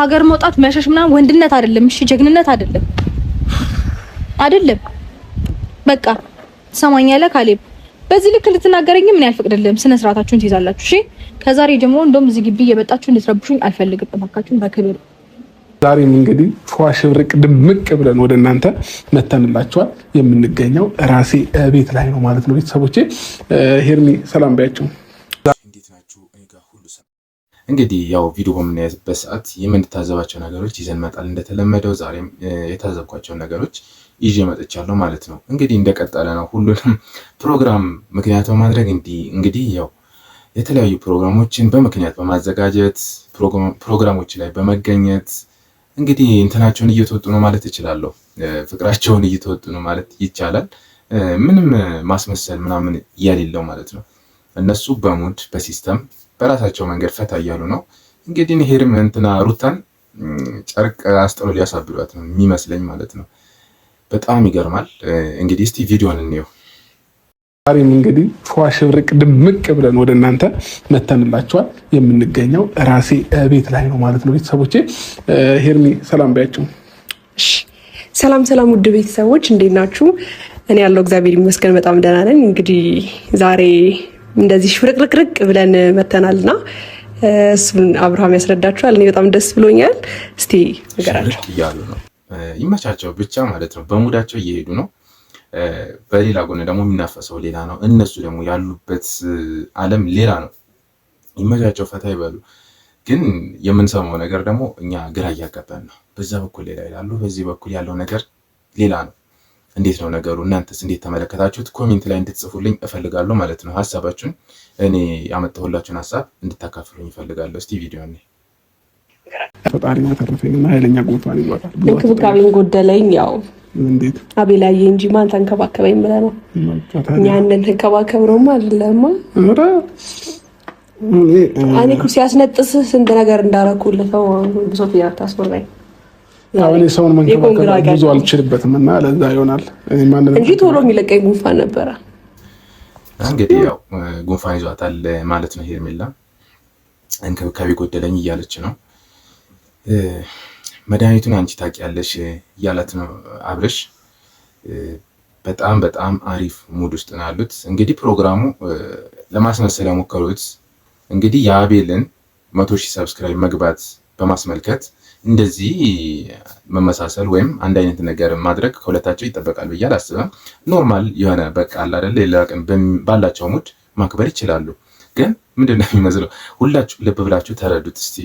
ሀገር መውጣት መሸሽ ምናምን ወንድነት አይደለም። እሺ ጀግንነት አይደለም አይደለም። በቃ ትሰማኛለህ ካሌብ፣ በዚህ ልክ ልትናገረኝ ምን ያልፈቅድልህም። ስነ ስርዓታችሁን ትይዛላችሁ። እሺ ከዛሬ ጀምሮ እንደውም እዚህ ግቢ እየመጣችሁ እንድትረብሹኝ አልፈልግም። እባካችሁን በክብር ዛሬም እንግዲህ ፏ ሽብርቅ ድምቅ ብለን ወደ እናንተ መተንላችኋል። የምንገኘው ራሴ ቤት ላይ ነው ማለት ነው። ቤተሰቦቼ ሄርሚ ሰላም ባያቸው እንግዲህ ያው ቪዲዮ በምናያዝበት ሰዓት የምንታዘባቸው ነገሮች ይዘን መጣል እንደተለመደው ዛሬም የታዘብኳቸውን ነገሮች ይዤ መጥቻለሁ ማለት ነው። እንግዲህ እንደቀጠለ ነው ሁሉንም ፕሮግራም ምክንያት በማድረግ እንግዲህ ያው የተለያዩ ፕሮግራሞችን በምክንያት በማዘጋጀት ፕሮግራሞች ላይ በመገኘት እንግዲህ እንትናቸውን እየተወጡ ነው ማለት እችላለሁ። ፍቅራቸውን እየተወጡ ነው ማለት ይቻላል። ምንም ማስመሰል ምናምን የሌለው ማለት ነው። እነሱ በሙድ በሲስተም በራሳቸው መንገድ ፈታ እያሉ ነው። እንግዲህ ሄርም እንትና ሩታን ጨርቅ አስጥሎ ሊያሳብዷት ነው የሚመስለኝ ማለት ነው። በጣም ይገርማል። እንግዲህ እስቲ ቪዲዮን እንየው። ዛሬም እንግዲህ ሸብርቅ ድምቅ ብለን ወደ እናንተ መተንላችኋል። የምንገኘው ራሴ ቤት ላይ ነው ማለት ነው። ቤተሰቦቼ ሄርሚ ሰላም ባያቸው። ሰላም ሰላም፣ ውድ ቤተሰቦች እንዴት ናችሁ? እኔ ያለው እግዚአብሔር ይመስገን በጣም ደህና ነን። እንግዲህ ዛሬ እንደዚህ ሽብርቅርቅርቅ ብለን መተናልና እሱን አብርሃም ያስረዳችኋል። እኔ በጣም ደስ ብሎኛል። እስቲ ነገራቸው ነው። ይመቻቸው ብቻ ማለት ነው። በሙዳቸው እየሄዱ ነው። በሌላ ጎን ደግሞ የሚናፈሰው ሌላ ነው። እነሱ ደግሞ ያሉበት ዓለም ሌላ ነው። ይመቻቸው፣ ፈታ ይበሉ። ግን የምንሰማው ነገር ደግሞ እኛ ግራ እያጋባን ነው። በዛ በኩል ሌላ ይላሉ፣ በዚህ በኩል ያለው ነገር ሌላ ነው። እንዴት ነው ነገሩ? እናንተስ እንዴት ተመለከታችሁት? ኮሜንት ላይ እንድትጽፉልኝ እፈልጋለሁ ማለት ነው። ሀሳባችሁን እኔ ያመጣሁላችሁን ሀሳብ እንድታካፍሉኝ እፈልጋለሁ። እስቲ ቪዲዮ ነ ፈጣሪና ተረፈኝ እና ኃይለኛ ጉንፋን ይዟታል። እንክብካቤን ጎደለኝ ያው እንዴት አቤላዬ እንጂ ማን ተንከባከበኝ ብለህ ነው? ያንን ተንከባከብ ነው አለማ። እኔ እኮ ሲያስነጥስህ ስንት ነገር እንዳረኩልህ ተው፣ ሶፊያ ታስበላኝ አሁን የሰውን መንከባከብ ብዙ አልችልበትም እና ለዛ ይሆናል እንጂ ቶሎ የሚለቀኝ ጉንፋን ነበረ። እንግዲህ ያው ጉንፋን ይዟታል ማለት ነው ሄርሜላ እንክብካቤ ጎደለኝ እያለች ነው። መድኃኒቱን አንቺ ታውቂያለሽ እያላት ነው አብረሽ። በጣም በጣም አሪፍ ሙድ ውስጥ ነው ያሉት። እንግዲህ ፕሮግራሙ ለማስመሰል የሞከሩት እንግዲህ የአቤልን መቶ ሺህ ሰብስክራይብ መግባት በማስመልከት እንደዚህ መመሳሰል ወይም አንድ አይነት ነገር ማድረግ ከሁለታቸው ይጠበቃል ብዬ አላስበም ኖርማል የሆነ በቃ አለ አይደል ሌላ ቀን ባላቸው ሙድ ማክበር ይችላሉ። ግን ምንድን ነው የሚመስለው? ሁላችሁ ልብ ብላችሁ ተረዱት እስቲ።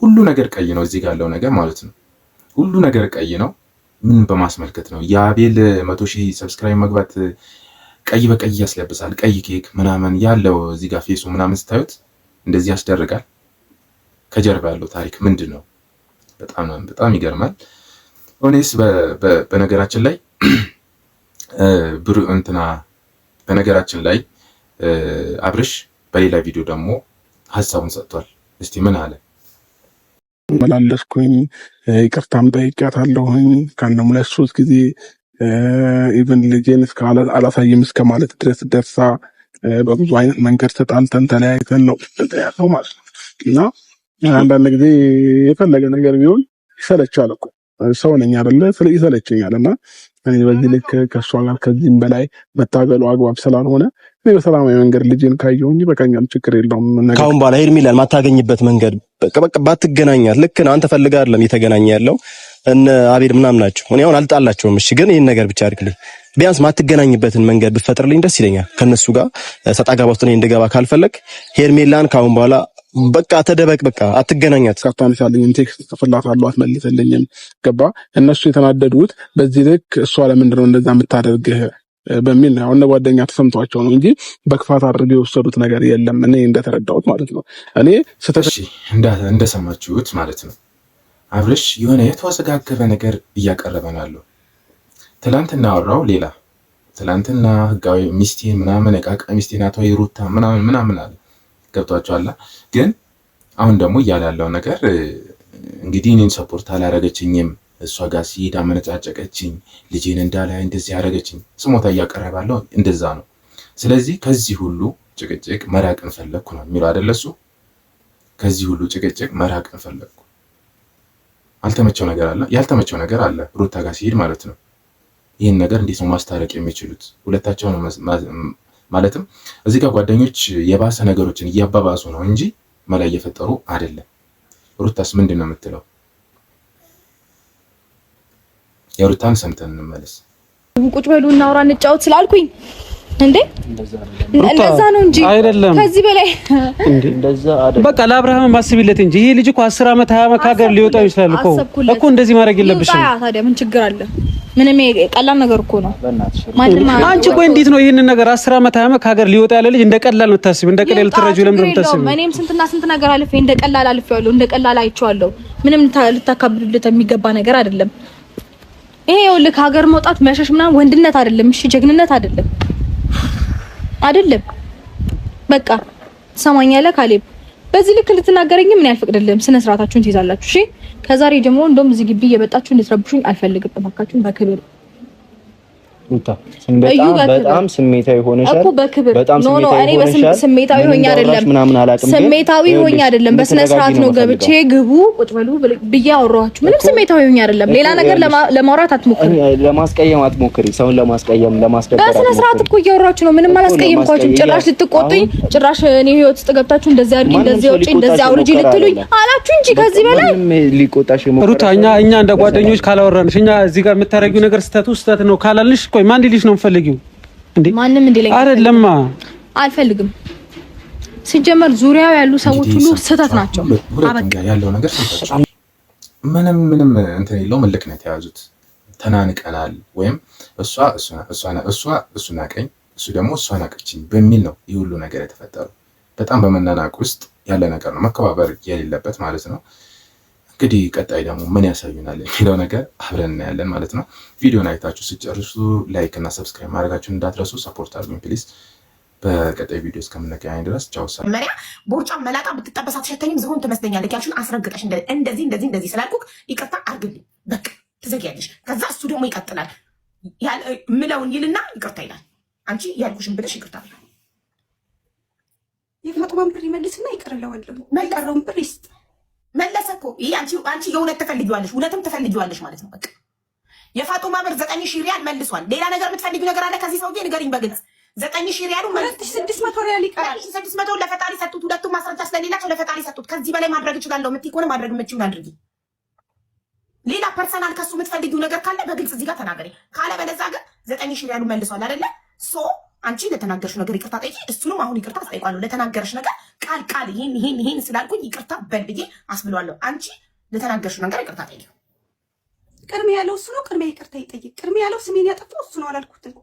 ሁሉ ነገር ቀይ ነው እዚህ ያለው ነገር ማለት ነው። ሁሉ ነገር ቀይ ነው። ምን በማስመልከት ነው የአቤል መቶ ሺህ ሰብስክራይብ መግባት ቀይ በቀይ ያስለብሳል። ቀይ ኬክ ምናምን ያለው እዚህ ጋር ፌሱ ምናምን ስታዩት እንደዚህ ያስደርጋል። ከጀርባ ያለው ታሪክ ምንድን ነው? በጣም በጣም ይገርማል። ኦኔስ በነገራችን ላይ ብሩ እንትና በነገራችን ላይ አብርሽ በሌላ ቪዲዮ ደግሞ ሀሳቡን ሰጥቷል። እስቲ ምን አለ? መላለስኩኝ ይቅርታም ጠይቄያታለሁኝ ከነሙ ላይ ሶስት ጊዜ ኢቨን ልጄን አላሳይም እስከ ማለት ድረስ ደርሳ በብዙ አይነት መንገድ ተጣልተን ተለያይተን ነው ያለው ማለት ነው እና አንዳንድ ጊዜ የፈለገ ነገር ቢሆን ይሰለቻል እኮ ሰው ነኝ አይደለ? ስለ ይሰለቸኛል እና እኔ በዚህ ልክ ከእሷ ጋር ከዚህም በላይ መታገሉ አግባብ ስላልሆነ እኔ በሰላማዊ መንገድ ልጅን ካየው በቀኛም ችግር የለውም። ካሁን በኋላ ሄድ ሚላል ማታገኝበት መንገድ በቃ በቃ ባትገናኛት ልክ ነው። አንተ ፈልገህ አይደለም እየተገናኘ ያለው እነ አቤድ ምናምን ናቸው። እኔ አሁን አልጣላቸውም። እሺ ግን ይህን ነገር ብቻ አድርግልኝ። ቢያንስ ማትገናኝበትን መንገድ ብትፈጥርልኝ ደስ ይለኛል። ከነሱ ጋር ሰጣ ገባ ውስጥ እንድገባ ካልፈለግ ሄርሜላን ካሁን በኋላ በቃ ተደበቅ፣ በቃ አትገናኛት። ካታንሳልኝም ቴክስት ጽፍላታለሁ አትመልሰልኝም። ገባ እነሱ የተናደዱት በዚህ ልክ እሷ ለምንድን ነው እንደዛ የምታደርግህ በሚል ነው። አሁን ጓደኛ ተሰምቷቸው ነው እንጂ በክፋት አድርገው የወሰዱት ነገር የለም። እኔ እንደተረዳሁት ማለት ነው። እኔ ስተሽ እንደሰማችሁት ማለት ነው። አብርሽ የሆነ የተወዘጋገበ ነገር እያቀረበ ነው ያለው። ትላንትና አወራው ሌላ፣ ትላንትና ህጋዊ ሚስቴን ምናምን ቃቃ ሚስቴ ናት ወይ ሩታ ምናምን ምናምን አለ ገብቷቸዋላ። ግን አሁን ደግሞ እያለ ያለው ነገር እንግዲህ እኔን ሰፖርት አላረገችኝም፣ እሷ ጋር ሲሄድ አመነጫጨቀችኝ፣ ልጄን እንዳላይ እንደዚህ ያረገችኝ፣ ስሞታ እያቀረባለው እንደዛ ነው። ስለዚህ ከዚህ ሁሉ ጭቅጭቅ መራቅ እንፈለግኩ ነው የሚለው አይደለ እሱ። ከዚህ ሁሉ ጭቅጭቅ መራቅ እንፈለግኩ አልተመቸው ነገር አለ፣ ያልተመቸው ነገር አለ፣ ሩታ ጋር ሲሄድ ማለት ነው። ይህን ነገር እንዴት ነው ማስታረቅ የሚችሉት? ሁለታቸውን ማለትም እዚህ ጋር ጓደኞች የባሰ ነገሮችን እያባባሱ ነው እንጂ መላ እየፈጠሩ አይደለም። ሩታስ ምንድን ነው የምትለው? የሩታን ሰምተን እንመለስ። ቁጭ በሉ እናውራ፣ እንጫወት ስላልኩኝ እንዴ እንደዛ ነው እንጂ አይደለም። ከዚህ በላይ በቃ ለአብርሃም ማስቢለት እንጂ ይሄ ልጅ እኮ 10 አመት 20 ዓመት ከሀገር ሊወጣው ይችላል እኮ እኮ እንደዚህ ማድረግ የለብሽም። ታዲያ ምን ችግር አለ? ምንም ቀላል ነገር እኮ ነው። አንቺ ቆይ እንዴት ነው ይህንን ነገር 10 ዓመት 20 ዓመት ከሀገር ሊወጣ ያለ ልጅ እንደ ቀላል ነው እንደ ቀላል ትረጂው ለምን ነው እኔም ስንትና ስንት ነገር አልፌ እንደ ቀላል አልፌዋለሁ፣ እንደ ቀላል አይቼዋለሁ። ምንም ልታካብድለት የሚገባ ነገር አይደለም ይሄ። ይኸውልህ ከሀገር መውጣት መሸሽ ምናምን ወንድነት አይደለም፣ እሺ ጀግንነት አይደለም። አይደለም። በቃ ትሰማኛለህ ካሌብ? በዚህ ልክ ልትናገረኝ ምን ያልፈቅድልም። ስነ ስርዓታችሁን ትይዛላችሁ። እሺ፣ ከዛሬ ጀምሮ እንደውም እዚህ ግቢ እየመጣችሁ እንድትረብሹኝ አልፈልግም። እባካችሁን በክብር በጣም ስሜታዊ ሆነሻል እኮ በክብር ኖ ኖ፣ እኔ ስሜታዊ ሆኜ አይደለም፣ ስሜታዊ ሆኜ አይደለም። በስነ ስርዓት ነው ገብቼ ግቡ ቁጭ በሉ ብዬ አወራኋችሁ። ምንም ስሜታዊ ሆኜ አይደለም። ሌላ ነገር ለማውራት አትሞክሪ፣ ለማስቀየም አትሞክሪ፣ ሰውን ለማስቀየም ለማስደበር። በስነ ስርዓት እኮ እያወራችሁ ነው። ምንም አላስቀየምኳችሁም። ጭራሽ ልትቆጡኝ፣ ጭራሽ እኔ ህይወት ውስጥ ገብታችሁ እንደዚህ አድርጊ፣ እንደዚህ አውጪ፣ እንደዚህ አውርጂ ልትሉኝ አላችሁ እንጂ ከዚህ በላይ ሩታ፣ እኛ እኛ እንደ ጓደኞች ካላወራንሽ እኛ እዚህ ጋር የምታረጊው ነገር ስህተቱ ስህተት ነው ካላልንሽ ቆይ ማን ሊልሽ ነው የምትፈልጊው? እንዴ ማንም እንዲለኝ አይደለም። አልፈልግም። ሲጀመር ዙሪያው ያሉ ሰዎች ሁሉ ስህተት ናቸው። አበቃ። ያለው ነገር ምንም ምንም እንትን የለውም። ልክ ነው ተናንቀናል ወይም እሷ እሷ እሱ ናቀኝ እሱ ደግሞ እሷ ናቀችኝ በሚል ነው ይህ ሁሉ ነገር የተፈጠረው። በጣም በመናናቅ ውስጥ ያለ ነገር ነው፣ መከባበር የሌለበት ማለት ነው። እንግዲህ ቀጣይ ደግሞ ምን ያሳዩናል የሚለው ነገር አብረን እናያለን ማለት ነው። ቪዲዮን አይታችሁ ስጨርሱ ላይክ እና ሰብስክራይብ ማድረጋችሁን እንዳትረሱ። ሰፖርት አድርጉኝ ፕሊዝ። በቀጣይ ቪዲዮ እስከምንገናኝ ድረስ ቻው። መሪያ ቦርጫ መላጣ ብትጠበሳ ትሸተኝም ዝሆን ትመስለኛለች ያልሽውን አስረግጠሽ እንደዚህ እንደዚህ እንደዚህ ስላልኩህ ይቅርታ አድርግልኝ በቃ ትዘጊያለሽ። ከዛ እሱ ደግሞ ይቀጥላል ምለውን ይልና ይቅርታ ይላል። አንቺ ያልኩሽን ብለሽ ይቅርታ ይላል። የፋጡማን ብር ይመልስና ይቀርለዋል። የቀረውን ብር ይስጥ። መለሰ እኮ ይሄ አንቺ አንቺ የእውነት ትፈልጊዋለሽ፣ እውነትም ትፈልጊዋለሽ ማለት ነው። በቃ የፋጡማ ብር ዘጠኝ ሺህ ሪያል መልሷል። ሌላ ነገር የምትፈልጊው ነገር አለ ከዚህ ሰውዬ ንገሪኝ በግልጽ። ዘጠኝ ሺህ ሪያሉ ሁለት ሺህ ስድስት መቶ ሪያል ይቀራል። ስድስት መቶ ለፈጣሪ ሰጡት። ሁለቱም ማስረጃ ስለሌላቸው ለፈጣሪ ሰጡት። ከዚህ በላይ ማድረግ እችላለሁ የምትይ ከሆነ ማድረግ የምችውን አድርጊ። ሌላ ፐርሰናል ከሱ የምትፈልጊው ነገር ካለ በግልጽ እዚህ ጋር ተናገሪ። ካለበለዚያ ግን ዘጠኝ ሺህ ሪያሉ መልሷል አይደለ ሶ አንቺ ለተናገርሽ ነገር ይቅርታ ጠይቂ፣ እሱንም አሁን ይቅርታ አስጠይቋለሁ። ለተናገርሽ ነገር ቃል ቃል ይህን ይህን ይህን ስላልኩኝ ይቅርታ በል ብዬ አስብሏለሁ። አንቺ ለተናገርሽ ነገር ይቅርታ ጠይቂ። ቅድሜ ያለው እሱ ነው። ቅድሜ ይቅርታ ይጠይቅ። ቅድሜ ያለው ስሜን ያጠፋው እሱ ነው። አላልኩትም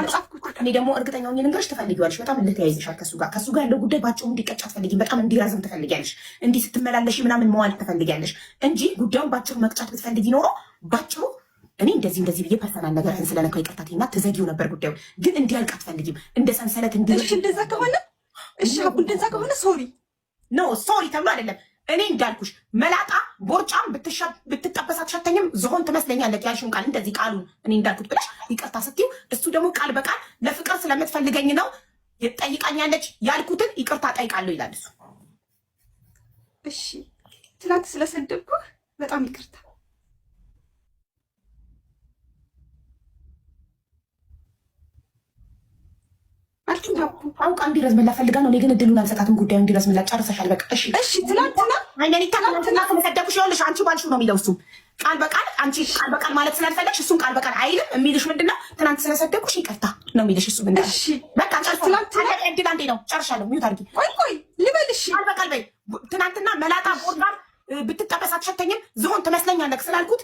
አልጻፍኩትም። እኔ ደግሞ እርግጠኛ ሆኜ ልንገርሽ፣ ትፈልጊዋለሽ። በጣም እንደተያይዘሻል ከሱ ጋር ከሱ ጋር ያለው ጉዳይ ባጭሩ እንዲቀጭ አትፈልጊም። በጣም እንዲራዝም ትፈልጊያለሽ። እንዲህ ስትመላለሽ ምናምን መዋል ትፈልጊያለሽ እንጂ ጉዳዩን ባጭሩ መቅጫት ብትፈልጊ ኖሮ ባጭሩ እኔ እንደዚህ እንደዚህ ብዬ ፐርሰናል ነገር ህን ስለነካው ይቅርታትና ትዘጊው ነበር ጉዳዩ ግን እንዲያልቅ አትፈልጊም። እንደ ሰንሰለት እንዲ እንደዛ ከሆነ እሺ፣ እንደዛ ከሆነ ሶሪ ኖ ሶሪ ተብሎ አይደለም። እኔ እንዳልኩሽ መላጣ ቦርጫም ብትጠበስ አትሸተኝም። ዝሆን ትመስለኛለች ያልሽውን ቃል እንደዚህ ቃሉን እኔ እንዳልኩት ብለሽ ይቅርታ ስትይው እሱ ደግሞ ቃል በቃል ለፍቅር ስለምትፈልገኝ ነው ጠይቃኛለች ያልኩትን ይቅርታ ጠይቃለሁ ይላል እሱ። እሺ ትናንት ስለሰደብኩህ በጣም ይቅርታ አልኩኝ አውቃ እንዲረዝምላ ፈልጋ ነው። ግን እድሉን አልሰጣትም። ጉዳዩ ጨርሰሻል። በቃ እሺ፣ እሺ። ትናንትና አንቺ ነው የሚለው እሱ ቃል በቃል አንቺ ቃል በቃል ማለት ስላልፈለግሽ ቃል በቃል አይልም። የሚልሽ ትናንት ስለሰደኩሽ ይቅርታ ነው የሚልሽ እሱ። እድል አንዴ ነው። ጨርሻለሁ። ሚዩት አድርጊ። ቆይ ቆይ ልበልሽ። ቃል በቃል በይ። ትናንትና መላጣ ቦርጋር ብትጠበስ አትሸተኝም ዝሆን ትመስለኛለህ ስላልኩት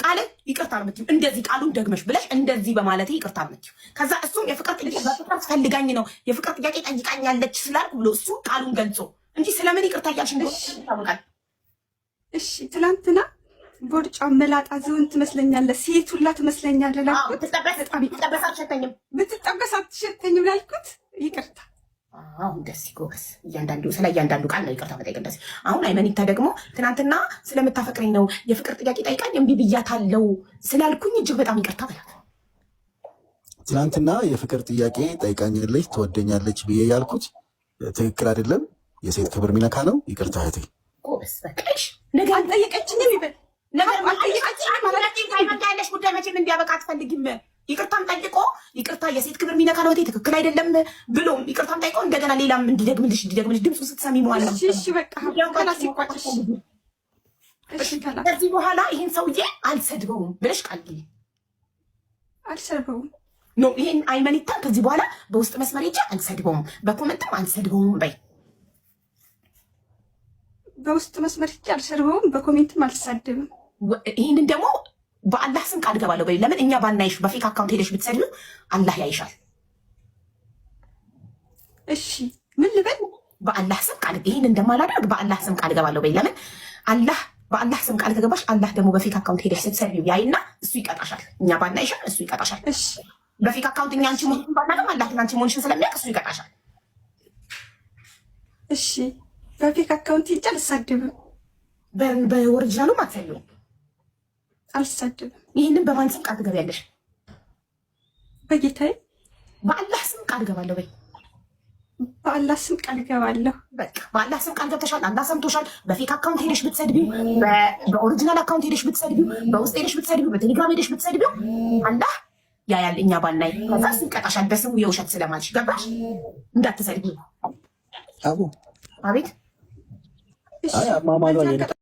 ቃል ይቅርታ አልመችም፣ እንደዚህ ቃሉን ደግመሽ ብለሽ እንደዚህ በማለቴ ይቅርታ አልመችም። ከዛ እሱም የፍቅር ጥያቄ በፍቅር ፈልጋኝ ነው የፍቅር ጥያቄ ጠይቃኛለች ስላልኩ ብሎ እሱ ቃሉን ገልጾ እንጂ ስለምን ይቅርታ እያልሽ እንደሆነ ይታወቃል። እሺ ትላንትና ቦርጫ መላጣ ዝሆን ትመስለኛለህ፣ ሴት ሁላ ትመስለኛለህ ላልኩት ብትጠበስ አትሸተኝም ላልኩት ይቅርታ አሁን ደስ ጎበስ እያንዳንዱ ስለ እያንዳንዱ ቃል ነው ይቅርታ መጠየቅ ደስ። አሁን አይመኒታ ደግሞ ትናንትና ስለምታፈቅረኝ ነው የፍቅር ጥያቄ ጠይቃኝ እምቢ ብያታለው ስላልኩኝ እጅግ በጣም ይቅርታ በላት። ትናንትና የፍቅር ጥያቄ ጠይቃኛለች ትወደኛለች ብዬ ያልኩት ትክክል አይደለም፣ የሴት ክብር ሚነካ ነው። ይቅርታ እህቴ። ጎበስ በቃሽ። ነገ አልጠየቀችኝም ይበል ነገር አልጠየቀችኝም። ጉዳይ መቼም እንዲያበቃ አትፈልጊም ይቅርታም ጠይቆ ይቅርታ የሴት ክብር የሚነካ ነው ትክክል አይደለም ብሎም ይቅርታም ጠይቆ እንደገና ሌላም እንዲደግምልሽ እንዲደግምልሽ ድምፁ ስትሰሚ መዋል ከዚህ በኋላ ይህን ሰውዬ አልሰድበውም ብለሽ ቃል አልሰድበውም ኖ ይሄን አይመኒታን ከዚህ በኋላ በውስጥ መስመር ሄጄ አልሰድበውም፣ በኮመንትም አልሰድበውም በይ። በውስጥ መስመር ሄጄ አልሰድበውም፣ በኮሜንትም አልሳደብም። ይህንን ደግሞ በአላህ ስም ቃል ገባለሁ በይ። ለምን እኛ ባናይሽ በፌክ አካውንት ሄደሽ ብትሰድብ አላህ ያይሻል። እሺ ምን ልበል? በአላህ ስም ቃል ይህን እንደማላደርግ በአላህ ስም ቃል ገባለሁ በይ። ለምን አላህ በአላህ ስም ቃል ከገባሽ አላህ ደግሞ በፌክ አካውንት ሄደሽ ስትሰድቢው ያይና እሱ ይቀጣሻል። እኛ ባናይሻል፣ እሱ ይቀጣሻል። በፌክ አካውንት እኛ አንቺ መሆንሽን ባናገም አላህ ግን አንቺ መሆንሽን ስለሚያውቅ እሱ ይቀጣሻል። እሺ በፌክ አካውንት ይጫል አልሳደብም። በወርጅናሉም ማትሰልም አልሳደብም። ይህንን በማን ስም ቃል ትገቢያለሽ? በጌታዬ በአላህ ስም ቃል እገባለሁ። በይ በአላህ ስም ቃል እገባለሁ። በቃ በአላህ ስም ቃል ገብተሻል። አላህ ሰምቶሻል። በፌክ አካውንት ሄደሽ ብትሰድቢው፣ በኦሪጂናል አካውንት ሄደሽ ብትሰድቢው፣ በውስጥ ሄደሽ ብትሰድቢው፣ በቴሌግራም ሄደሽ ብትሰድቢው አላህ ያያል። እኛ ባናይ ከዛ ስም ቀጣሻል። በስሙ የውሸት ስለማልሽ ገባሽ? እንዳትሰድቢው። አቤት